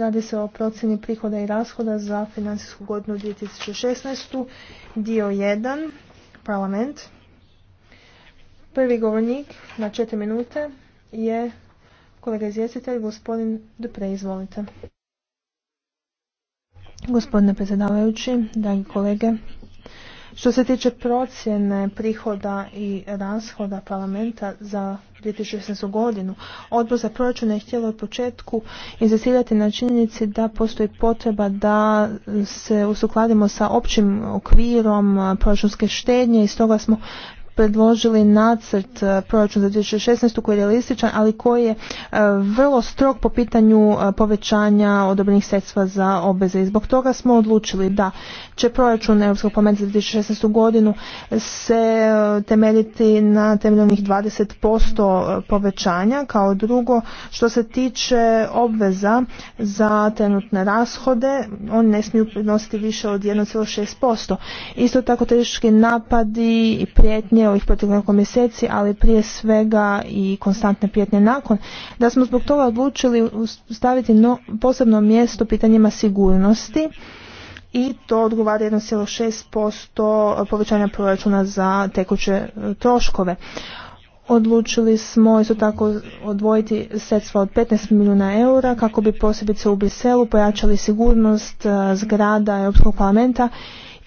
Radi se o procjeni prihoda i rashoda za financijsku godinu 2016. Dio 1. Parlament. Prvi govornik na četiri minute je kolega izvjestitelj gospodin Dupre. Izvolite. Gospodine predsjedavajući, dragi kolege, što se tiče procjene prihoda i rashoda parlamenta za 2016. godinu, odbor za proračun je htjelo u početku inzistirati na činjenici da postoji potreba da se usukladimo sa općim okvirom proračunske štednje i stoga smo predložili nacrt e, proračuna za 2016. koji je realističan, ali koji je e, vrlo strog po pitanju e, povećanja odobrenih sredstva za obveze. I zbog toga smo odlučili da će proračun Europskog parlamenta za 2016. godinu se temeljiti na temeljnih 20% povećanja. Kao drugo, što se tiče obveza za trenutne rashode, oni ne smiju prinositi više od 1,6%. Isto tako teški napadi i prijetnje prijetnje ovih proteklih mjeseci, ali prije svega i konstantne prijetnje nakon, da smo zbog toga odlučili staviti posebno mjesto pitanjima sigurnosti i to odgovara 1,6% povećanja proračuna za tekuće e, troškove. Odlučili smo isto tako odvojiti sredstva od 15 milijuna eura kako bi posebice u Briselu pojačali sigurnost e, zgrada Europskog parlamenta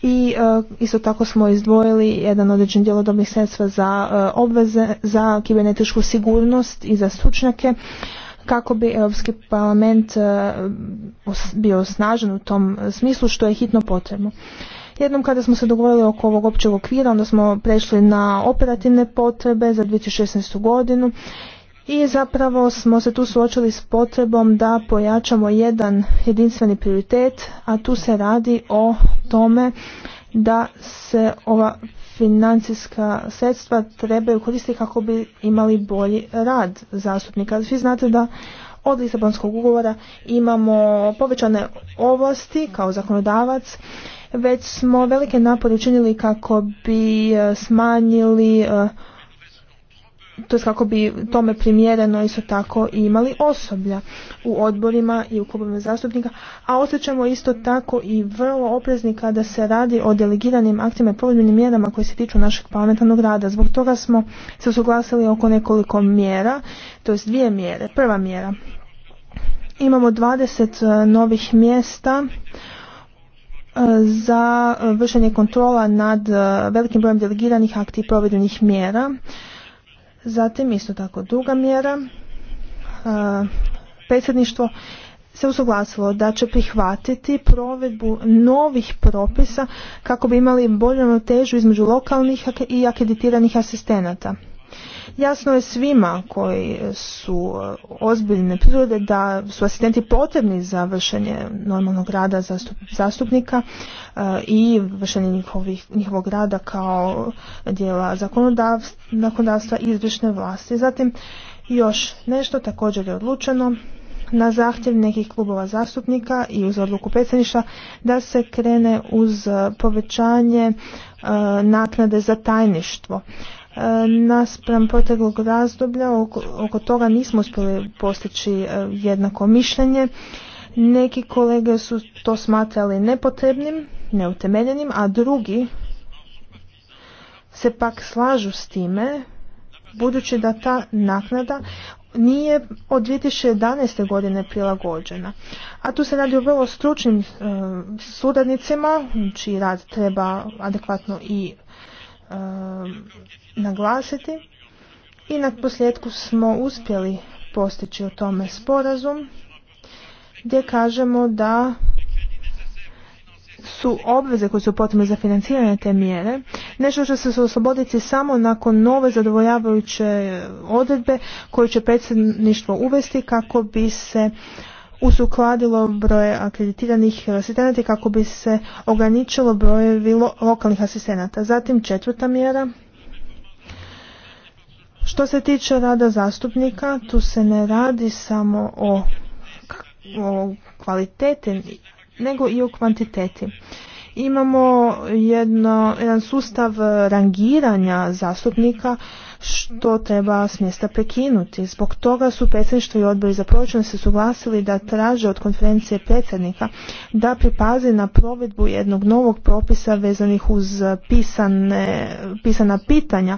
i e, isto tako smo izdvojili jedan određen djelodobnih sredstva za e, obveze, za kibernetičku sigurnost i za stručnjake kako bi Europski parlament e, bio snažan u tom smislu što je hitno potrebno. Jednom kada smo se dogovorili oko ovog općeg okvira, onda smo prešli na operativne potrebe za 2016. godinu i zapravo smo se tu suočili s potrebom da pojačamo jedan jedinstveni prioritet, a tu se radi o tome da se ova financijska sredstva trebaju koristiti kako bi imali bolji rad zastupnika. Svi znate da od Lisabonskog ugovora imamo povećane ovlasti kao zakonodavac, već smo velike napore učinili kako bi e, smanjili e, to kako bi tome primjereno isto tako imali osoblja u odborima i u klubovima zastupnika, a osjećamo isto tako i vrlo oprezni kada se radi o delegiranim aktima i provedbenim mjerama koje se tiču našeg parlamentarnog rada. Zbog toga smo se usuglasili oko nekoliko mjera, to jest dvije mjere. Prva mjera. Imamo 20 e, novih mjesta e, za vršenje kontrola nad e, velikim brojem delegiranih akti i provedbenih mjera Zatim isto tako druga mjera, e, predsjedništvo se usuglasilo da će prihvatiti provedbu novih propisa kako bi imali bolju težu između lokalnih i akreditiranih asistenata. Jasno je svima koji su e, ozbiljne prirode da su asistenti potrebni za vršenje normalnog rada zastupnika e, i vršenje njihovog rada kao dijela zakonodavstva i izvršne vlasti. Zatim još nešto također je odlučeno na zahtjev nekih klubova zastupnika i uz odluku predsjedništva da se krene uz povećanje e, naknade za tajništvo. E, naspram proteklog razdoblja oko, toga nismo uspjeli postići e, jednako mišljenje. Neki kolege su to smatrali nepotrebnim, neutemeljenim, a drugi se pak slažu s time budući da ta naknada nije od 2011. godine prilagođena. A tu se radi o vrlo stručnim e, čiji rad treba adekvatno i Um, naglasiti i na posljedku smo uspjeli postići o tome sporazum gdje kažemo da su obveze koje su potrebne za financiranje te mjere nešto što će se osloboditi samo nakon nove zadovoljavajuće odredbe koju će predsjedništvo uvesti kako bi se usukladilo broje akreditiranih asistenata kako bi se ograničilo broje lokalnih asistenata. Zatim četvrta mjera. Što se tiče rada zastupnika, tu se ne radi samo o, o kvaliteti, nego i o kvantiteti. Imamo jedno, jedan sustav rangiranja zastupnika što treba s mjesta prekinuti. Zbog toga su predsjedništvo i odbori za proračun se suglasili da traže od konferencije predsjednika da pripazi na provedbu jednog novog propisa vezanih uz pisane, pisana pitanja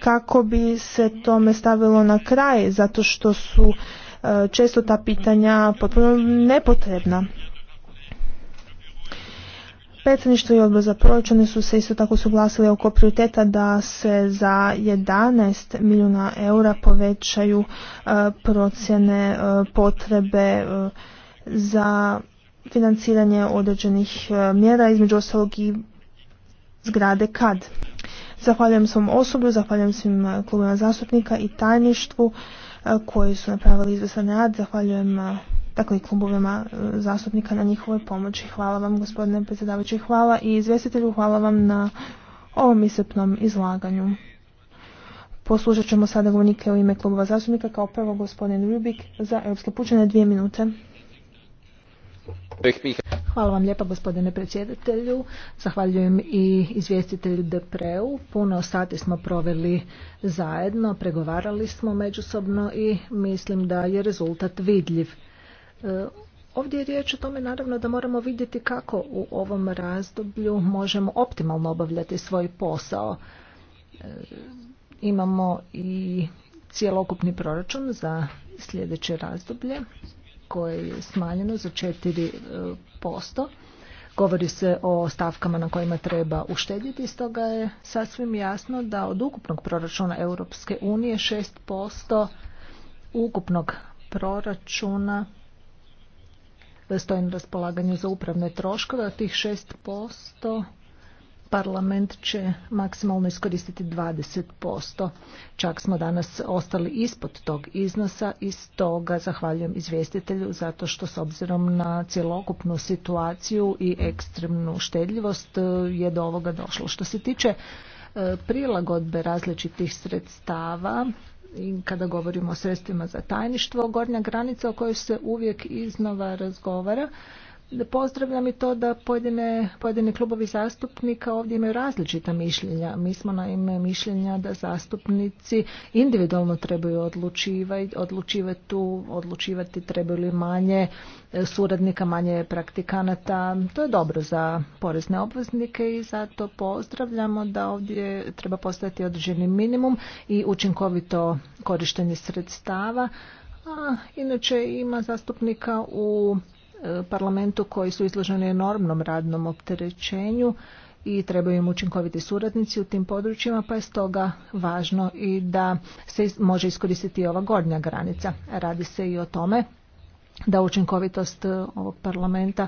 kako bi se tome stavilo na kraj zato što su e, često ta pitanja potpuno nepotrebna. Predsjedništvo i odbor za proračune su se isto tako suglasili oko prioriteta da se za 11 milijuna eura povećaju e, procjene e, potrebe e, za financiranje određenih mjera, između ostalog i zgrade KAD. Zahvaljujem svom osoblju, zahvaljujem svim klubima zastupnika i tajništvu koji su napravili izvestan rad. Zahvaljujem dakle klubovima e, zastupnika na njihovoj pomoći. Hvala vam gospodine predsjedavajući, hvala i izvjestitelju, hvala vam na ovom isepnom izlaganju. Poslušat ćemo sada govornike u ime klubova zastupnika, kao prvo gospodin Rubik za Europske pučene, dvije minute. Hvala vam lijepa gospodine predsjedatelju. Zahvaljujem i izvjestitelju Depreu. Puno sati smo proveli zajedno, pregovarali smo međusobno i mislim da je rezultat vidljiv. E, ovdje je riječ o tome naravno da moramo vidjeti kako u ovom razdoblju možemo optimalno obavljati svoj posao. E, imamo i cijelokupni proračun za sljedeće razdoblje koje je smanjeno za 4%. E, Govori se o stavkama na kojima treba uštedjeti, stoga je sasvim jasno da od ukupnog proračuna Europske unije 6% ukupnog proračuna stoji na raspolaganju za upravne troškove, a tih 6% parlament će maksimalno iskoristiti 20%. Čak smo danas ostali ispod tog iznosa i stoga zahvaljujem izvjestitelju zato što s obzirom na cjelokupnu situaciju i ekstremnu štedljivost e, je do ovoga došlo. Što se tiče e, prilagodbe različitih sredstava kada govorimo o sredstvima za tajništvo, gornja granica o kojoj se uvijek iznova razgovara Pozdravljam i to da pojedini klubovi zastupnika ovdje imaju različita mišljenja. Mi smo naime mišljenja da zastupnici individualno trebaju odlučivati, odlučivati, odlučivati trebaju li manje e, suradnika, manje praktikanata. To je dobro za porezne obveznike i zato pozdravljamo da ovdje treba postaviti određeni minimum i učinkovito korištenje sredstava. A, inače ima zastupnika u E, parlamentu koji su izloženi enormnom radnom opterećenju i trebaju im učinkoviti suradnici u tim područjima, pa je stoga važno i da se može iskoristiti ova gornja granica. Radi se i o tome da učinkovitost e, ovog parlamenta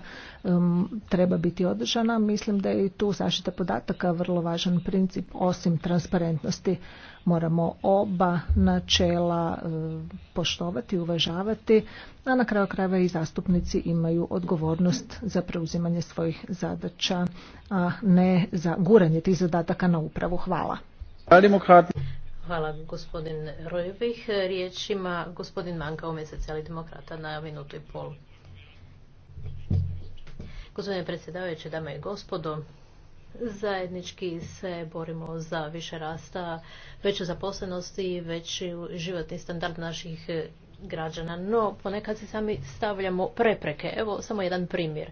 treba biti održana. Mislim da je i tu zaštita podataka vrlo važan princip. Osim transparentnosti moramo oba načela e, poštovati i uvažavati, a na kraju krajeva i zastupnici imaju odgovornost za preuzimanje svojih zadaća, a ne za guranje tih zadataka na upravu. Hvala. Hvala gospodin Rojevih. Riječ ima gospodin Manka u ume demokrata na minutu i pol. Gospodine predsjedavajući, dame i gospodo, zajednički se borimo za više rasta, veću zaposlenosti, i veći životni standard naših građana, no ponekad se sami stavljamo prepreke. Evo samo jedan primjer.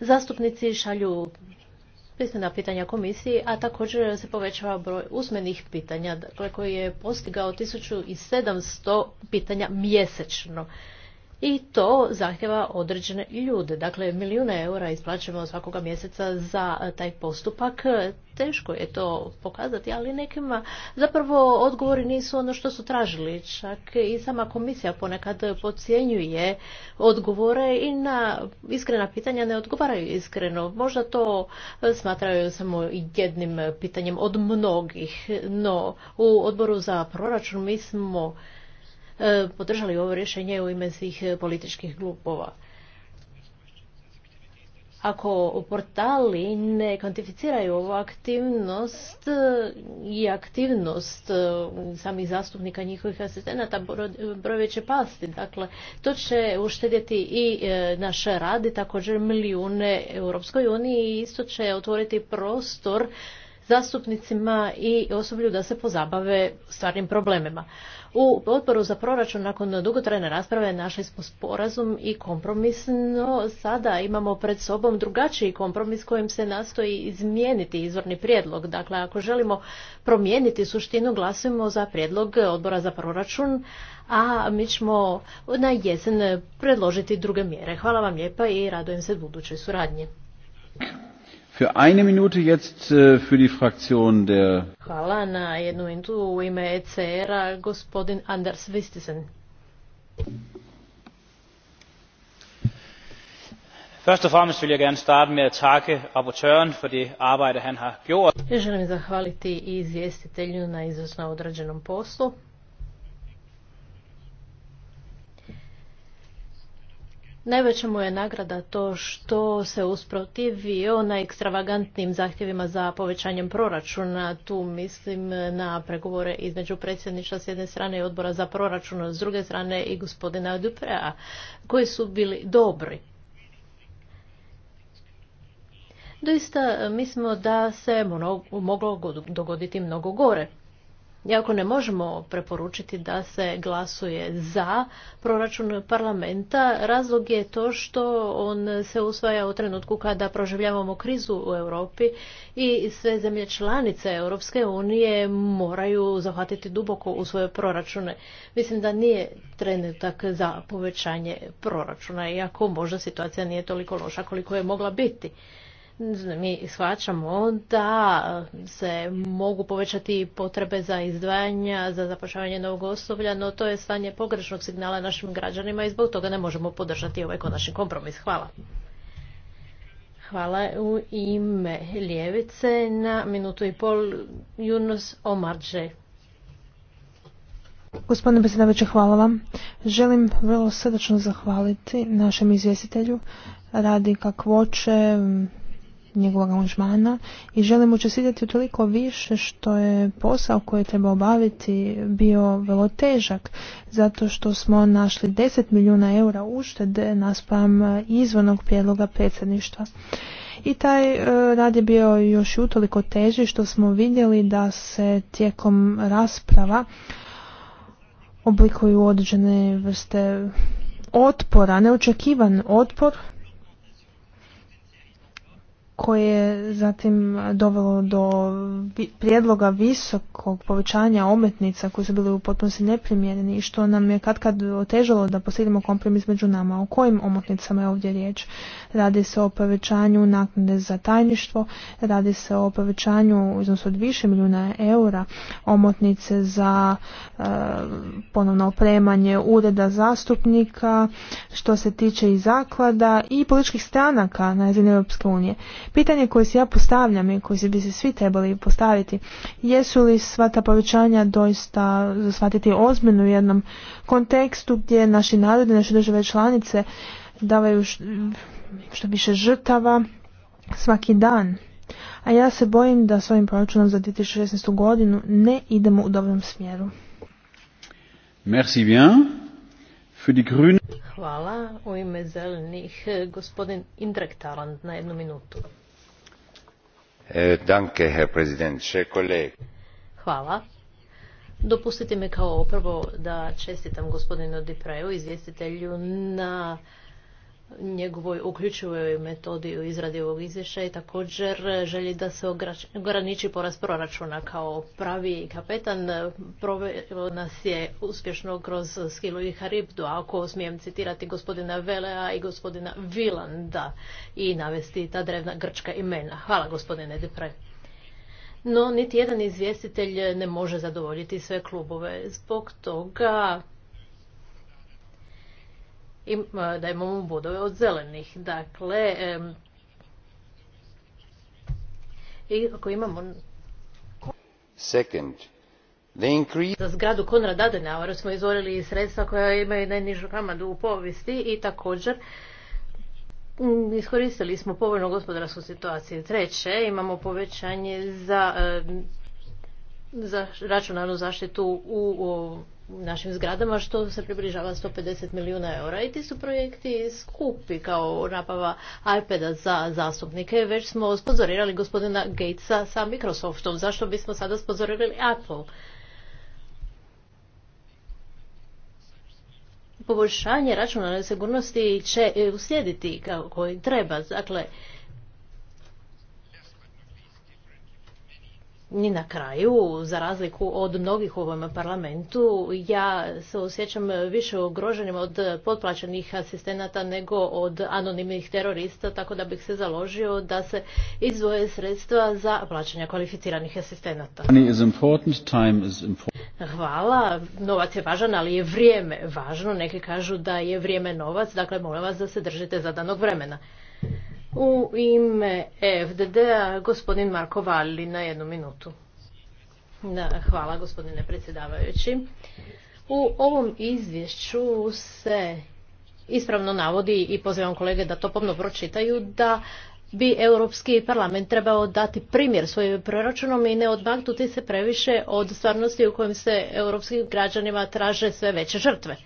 Zastupnici šalju na pitanja komisiji, a također se povećava broj usmenih pitanja, dakle koji je postigao 1700 pitanja mjesečno i to zahtjeva određene ljude. Dakle, milijune eura isplaćujemo svakoga mjeseca za e, taj postupak. Teško je to pokazati, ali nekima zapravo odgovori nisu ono što su tražili. Čak i sama komisija ponekad podcjenjuje odgovore i na iskrena pitanja ne odgovaraju iskreno. Možda to e, smatraju samo jednim pitanjem od mnogih, no u odboru za proračun mi smo E, podržali ovo rješenje u ime svih političkih glupova. Ako portali ne kvantificiraju ovu aktivnost e, i aktivnost e, samih zastupnika njihovih asistenata, broj će pasti. Dakle, to će uštedjeti i naš rad i također milijune Europskoj uniji i isto će otvoriti prostor zastupnicima i osoblju da se pozabave stvarnim problemima. U odboru za proračun nakon dugotrajne rasprave našli smo sporazum i kompromis, no sada imamo pred sobom drugačiji kompromis kojim se nastoji izmijeniti izvorni prijedlog. Dakle, ako želimo promijeniti suštinu, glasujemo za prijedlog odbora za proračun, a mi ćemo na jesen predložiti druge mjere. Hvala vam lijepa i radujem se budućoj suradnji. Für eine Minute jetzt äh, für die Fraktion der Hvala na jednu minutu u ime ECR-a gospodin Anders Vistisen. Først og fremmest vil jeg gerne starte med at takke rapportøren for det arbejde han har gjort. Želim zahvaliti i izvjestitelju na izvrsno odrađenom poslu. Najveća mu je nagrada to što se usprotivio na ekstravagantnim zahtjevima za povećanjem proračuna. Tu mislim na pregovore između predsjedništva s jedne strane i odbora za proračun, s druge strane i gospodina Duprea, koji su bili dobri. Doista mislimo da se moglo dogoditi mnogo gore. Iako ne možemo preporučiti da se glasuje za proračun parlamenta, razlog je to što on se usvaja u trenutku kada proživljavamo krizu u Europi i sve zemlje članice Europske unije moraju zahvatiti duboko u svoje proračune. Mislim da nije trenutak za povećanje proračuna, iako možda situacija nije toliko loša koliko je mogla biti mi shvaćamo da se mogu povećati potrebe za izdvajanja, za zapošljavanje novog osoblja, no to je stanje pogrešnog signala našim građanima i zbog toga ne možemo podržati ovaj konačni kompromis. Hvala. Hvala u ime Ljevice na minutu i pol Junos Omarđe. Gospodine predsjedavajući, hvala vam. Želim vrlo srdačno zahvaliti našem izvjestitelju radi kakvoće njegovog angažmana i želimo čestitati toliko više što je posao koji treba obaviti bio vrlo težak zato što smo našli 10 milijuna eura uštede naspram e, izvornog prijedloga predsjedništva. I taj e, rad je bio još i utoliko teži što smo vidjeli da se tijekom rasprava oblikuju određene vrste otpora, neočekivan otpor koje je zatim dovelo do prijedloga visokog povećanja ometnica koji su bili u potpunosti neprimjereni i što nam je kad kad otežalo da posjedimo kompromis među nama. O kojim omotnicama je ovdje riječ? Radi se o povećanju naknade za tajništvo, radi se o povećanju iznosu od više milijuna eura, omotnice za e, ponovno opremanje ureda zastupnika, što se tiče i zaklada i političkih stranaka na razini Europske unije. Pitanje koje se ja postavljam i koje bi se svi trebali postaviti, jesu li sva ta povećanja doista shvatiti ozbiljno u jednom kontekstu gdje naši narodi, naše države članice davaju što više žrtava svaki dan. A ja se bojim da s ovim proračunom za 2016. godinu ne idemo u dobrom smjeru. Merci bien. Für die Hvala. U ime zelenih eh, gospodin Indrek na jednu minutu. E, danke, Herr Präsident, Hvala. Dopustite mi kao prvo da čestitam gospodinu Dipreju, izvjestitelju, na njegovoj uključivoj metodi u izradi ovog izvješća i također želi da se ograniči porast proračuna kao pravi kapetan. Proveo nas je uspješno kroz Skilu i Haribdu, ako smijem citirati gospodina Velea i gospodina Vilanda i navesti ta drevna grčka imena. Hvala gospodine Depre. No, niti jedan izvjestitelj ne može zadovoljiti sve klubove. Zbog toga da imamo mu bodove od zelenih. Dakle, i ako imamo... Second, za zgradu Konrad Adenauer smo izvorili sredstva koja imaju najnižu kamadu u povijesti i također iskoristili smo povoljnu gospodarsku situaciju. Treće, imamo povećanje za, računalnu zaštitu u našim zgradama što se približava 150 milijuna eura i ti su projekti skupi kao napava iPada za zastupnike. Već smo sponzorirali gospodina Gatesa sa Microsoftom. Zašto bismo sada sponzorirali Apple? Poboljšanje računalne sigurnosti će uslijediti kao koji treba. Dakle, ni na kraju, za razliku od mnogih u ovom parlamentu, ja se osjećam više ugroženim od potplaćenih asistenata nego od anonimnih terorista, tako da bih se založio da se izdvoje sredstva za plaćanje kvalificiranih asistenata. Hvala, novac je važan, ali je vrijeme važno. Neki kažu da je vrijeme novac, dakle molim vas da se držite zadanog vremena. U ime EFDD-a gospodin Marko Valli na jednu minutu. hvala gospodine predsjedavajući. U ovom izvješću se ispravno navodi i pozivam kolege da to pomno pročitaju da bi Europski parlament trebao dati primjer svojim proračunom i ne odmaknuti se previše od stvarnosti u kojem se europskim građanima traže sve veće žrtve.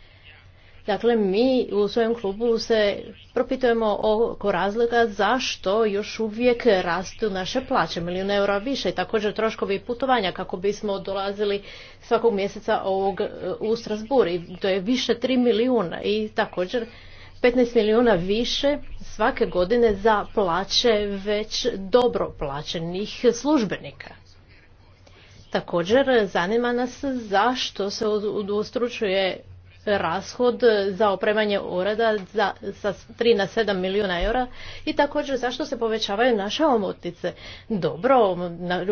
Dakle, mi u svojem klubu se propitujemo oko razloga zašto još uvijek rastu naše plaće, milijun eura više i također troškovi putovanja kako bismo dolazili svakog mjeseca ovog e, u Strasburi. to je više 3 milijuna i također 15 milijuna više svake godine za plaće već dobro plaćenih službenika. Također zanima nas zašto se udostručuje rashod za opremanje ureda za, sa 3 na 7 milijuna eura i također zašto se povećavaju naše omotnice. Dobro,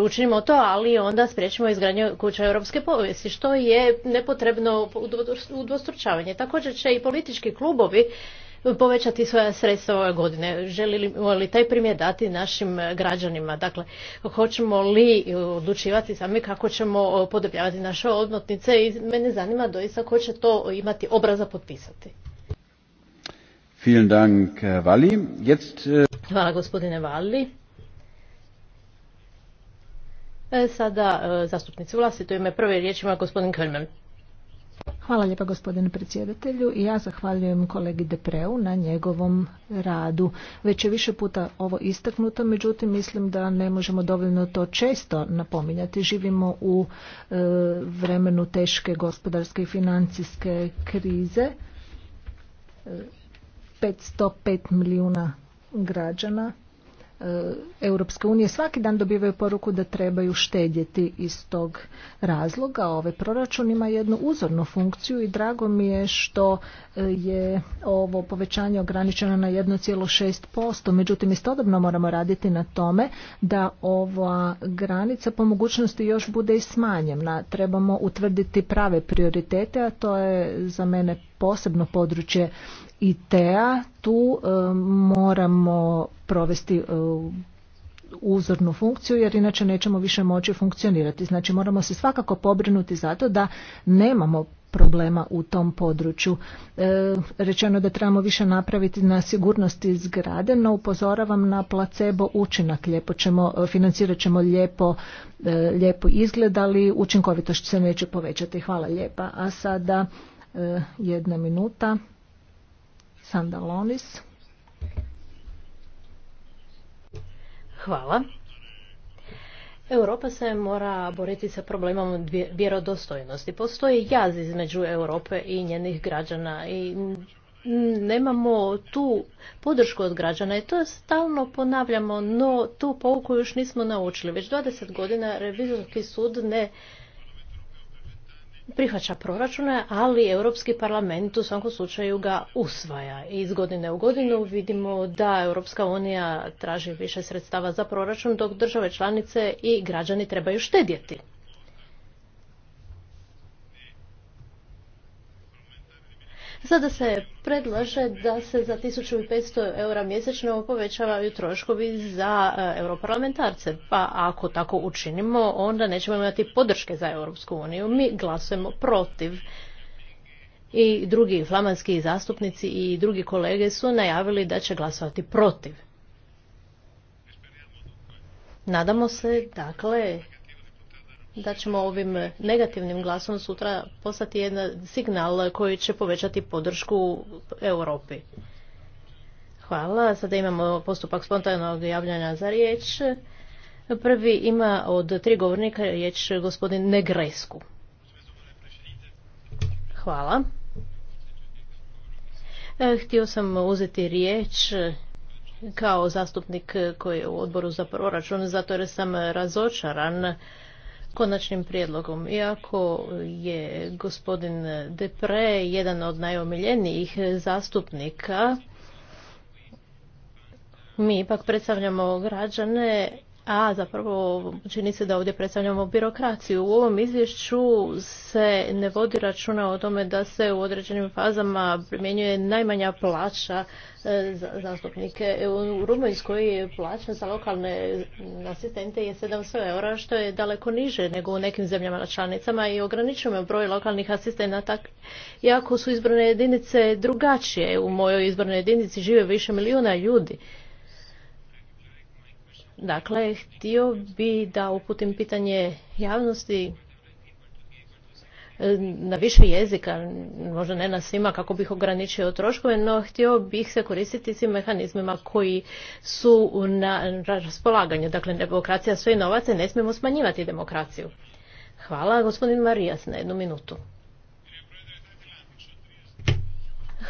učinimo to, ali onda spriječimo izgradnju kuća europske povijesti, što je nepotrebno udvostručavanje. Također će i politički klubovi povećati svoja sredstva ove godine. Želimo li taj primjer dati našim građanima? Dakle, hoćemo li odlučivati sami kako ćemo podebljavati naše odnotnice i mene zanima doista ko će to imati obraza potpisati. Äh, Hvala gospodine Vali. E, sada e, zastupnici vlasti, to ime prve riječ gospodin Kölmen. Hvala lijepa gospodine predsjedatelju i ja zahvaljujem kolegi Depreu na njegovom radu. Već je više puta ovo istaknuto, međutim mislim da ne možemo dovoljno to često napominjati. Živimo u e, vremenu teške gospodarske i financijske krize. 505 e, milijuna građana E, Europske unije svaki dan dobivaju poruku da trebaju štedjeti iz tog razloga. Ove ovaj proračun ima jednu uzornu funkciju i drago mi je što e, je ovo povećanje ograničeno na 1,6%. Međutim, istodobno moramo raditi na tome da ova granica po mogućnosti još bude i smanjena. Trebamo utvrditi prave prioritete, a to je za mene posebno područje i TEA, tu e, moramo provesti e, uzornu funkciju jer inače nećemo više moći funkcionirati. Znači moramo se svakako pobrinuti za to da nemamo problema u tom području. E, rečeno da trebamo više napraviti na sigurnosti zgrade, no upozoravam na placebo učinak. Lijepo ćemo, financirat ćemo lijepo, e, lijepo izgled, ali učinkovitost se neće povećati. Hvala lijepa. A sada jedna minuta. Sandalonis. Hvala. Europa se mora boriti sa problemom vjerodostojnosti. Postoji jaz između Europe i njenih građana i nemamo tu podršku od građana i to stalno ponavljamo, no tu pouku još nismo naučili. Već 20 godina revizorski sud ne prihvaća proračune, ali Europski parlament u svakom slučaju ga usvaja. Iz godine u godinu vidimo da Europska unija traži više sredstava za proračun, dok države članice i građani trebaju štedjeti. Sada se predlaže da se za 1500 eura mjesečno povećavaju troškovi za e, europarlamentarce. Pa ako tako učinimo, onda nećemo imati podrške za Europsku uniju. Mi glasujemo protiv i drugi flamanski zastupnici i drugi kolege su najavili da će glasovati protiv. Nadamo se, dakle, da ćemo ovim negativnim glasom sutra poslati jedan signal koji će povećati podršku Europi. Hvala. Sada imamo postupak spontanog javljanja za riječ. Prvi ima od tri govornika riječ gospodin Negresku. Hvala. E, htio sam uzeti riječ kao zastupnik koji je u odboru za proračun, zato jer sam razočaran konačnim prijedlogom. Iako je gospodin Depre jedan od najomiljenijih zastupnika, mi ipak predstavljamo građane a zapravo čini se da ovdje predstavljamo birokraciju. U ovom izvješću se ne vodi računa o tome da se u određenim fazama primjenjuje najmanja plaća e, za zastupnike. E, u Rumunjskoj plaća za lokalne asistente je 700 eura, što je daleko niže nego u nekim zemljama na članicama i ograničujemo broj lokalnih asistenata. Iako su izborne jedinice drugačije, u mojoj izbornoj jedinici žive više milijuna ljudi. Dakle, htio bi da uputim pitanje javnosti e, na više jezika, možda ne na svima kako bih ograničio troškove, no htio bih se koristiti svim mehanizmima koji su na raspolaganju. Dakle, demokracija sve novace, ne smijemo smanjivati demokraciju. Hvala, gospodin Marijas, na jednu minutu.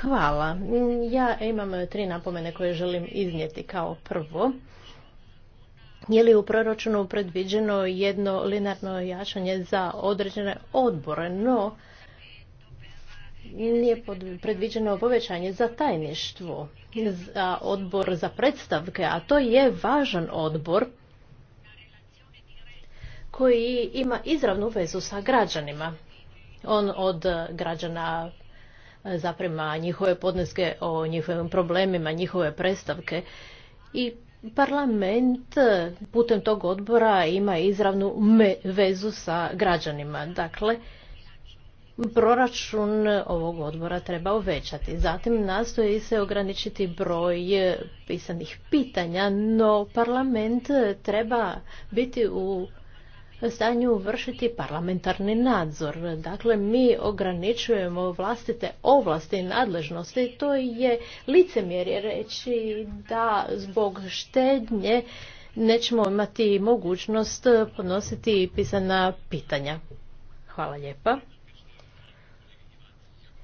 Hvala. Ja imam tri napomene koje želim iznijeti kao prvo je li u proračunu predviđeno jedno linarno jačanje za određene odbore, no nije predviđeno povećanje za tajništvo, za odbor za predstavke, a to je važan odbor koji ima izravnu vezu sa građanima. On od građana eh, zaprema njihove podneske o njihovim problemima, njihove predstavke i parlament eh, putem tog odbora ima izravnu vezu sa građanima. Dakle, proračun ovog odbora treba uvećati. Zatim nastoji se ograničiti broj eh, pisanih pitanja, no parlament eh, treba biti u stanju vršiti parlamentarni nadzor. Dakle, mi ograničujemo vlastite ovlasti i nadležnosti. To je licemjerje reći da zbog štednje nećemo imati mogućnost podnositi pisana pitanja. Hvala lijepa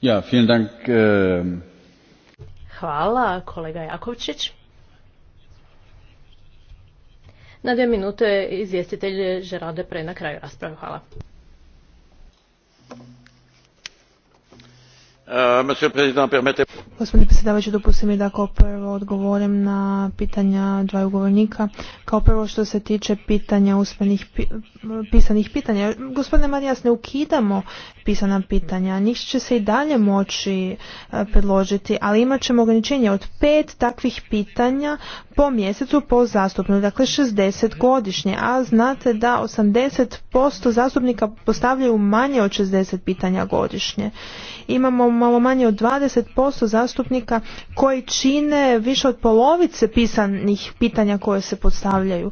Ja, vielen ehm. Hvala, kolega Jakovčić. Na dvije minute izvjestitelj Žerade pre na kraju rasprave. Hvala. Euh, Gospodine predsjedavajući, dopustite mi da kao prvo odgovorim na pitanja dvaju govornika. Kao prvo što se tiče pitanja usmenih pisanih pitanja. Gospodine Marijas, ne ukidamo pisana pitanja. Njih će se i dalje moći e, predložiti, ali imat ćemo ograničenje od pet takvih pitanja po mjesecu po zastupniku, dakle 60 godišnje, a znate da 80% zastupnika postavljaju manje od 60 pitanja godišnje. Imamo malo manje od 20% zastupnika koji čine više od polovice pisanih pitanja koje se postavljaju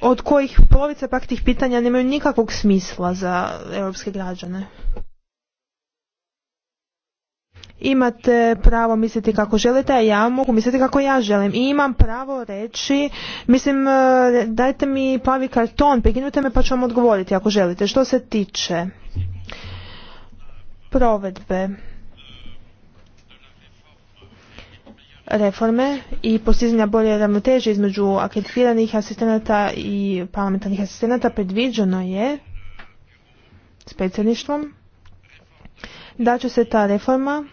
od kojih polovica pak tih pitanja nemaju nikakvog smisla za europske građane. Imate pravo misliti kako želite, a ja mogu misliti kako ja želim. I imam pravo reći, mislim, e, dajte mi plavi karton, prekinute me pa ću vam odgovoriti ako želite. Što se tiče provedbe reforme i postizanja bolje ravnoteže između akreditiranih asistenata i parlamentarnih asistenata predviđeno je s predsjedništvom da će se ta reforma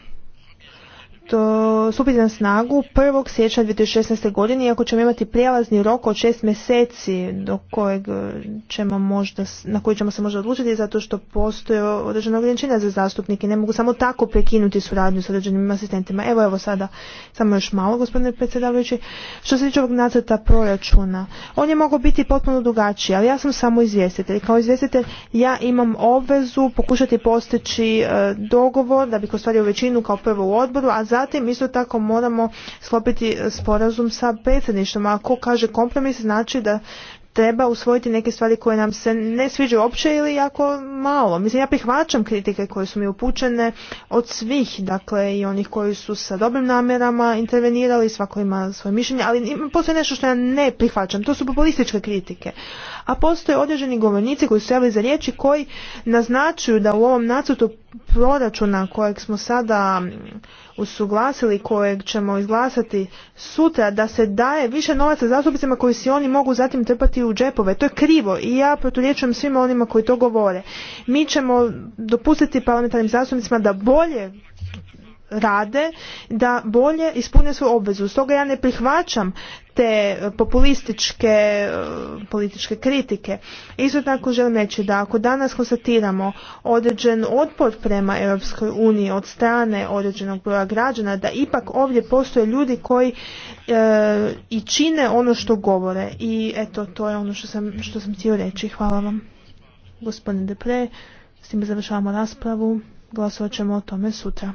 to stupiti na snagu 1. siječnja 2016. godine, iako ćemo imati prijelazni rok od 6 mjeseci do kojeg e, ćemo možda, na koji ćemo se možda odlučiti zato što postoje određena ograničenja za zastupnike. Ne mogu samo tako prekinuti suradnju s određenim asistentima. Evo, evo sada, samo još malo, gospodine predsjedavajući. Što se tiče ovog nacrta proračuna, on je mogao biti potpuno drugačiji, ali ja sam samo izvjestitelj. Kao izvjestitelj ja imam obvezu pokušati postići e, dogovor da bih ostvario većinu kao prvo u odboru, a za Zatim isto tako moramo sklopiti sporazum sa predsjedništvom. Ako kaže kompromis znači da treba usvojiti neke stvari koje nam se ne sviđaju uopće ili jako malo. Mislim, ja prihvaćam kritike koje su mi upućene od svih, dakle i onih koji su sa dobrim namjerama intervenirali, svako ima svoje mišljenje, ali postoji nešto što ja ne prihvaćam, to su populističke kritike a postoje određeni govornici koji su javili za riječi koji naznačuju da u ovom nacrtu proračuna kojeg smo sada usuglasili, kojeg ćemo izglasati sutra, da se daje više novaca zastupnicima koji si oni mogu zatim trpati u džepove. To je krivo i ja proturječujem svima onima koji to govore. Mi ćemo dopustiti parlamentarnim zastupnicima da bolje rade da bolje ispune svoju obvezu. Stoga ja ne prihvaćam te e, populističke e, političke kritike. Isto tako želim reći da ako danas konstatiramo određen otpor prema Europskoj uniji od strane određenog broja građana, da ipak ovdje postoje ljudi koji e, i čine ono što govore. I eto, to je ono što sam, što sam htio reći. Hvala vam. Gospodine Depre, s tim završavamo raspravu. Glasovat ćemo o tome sutra.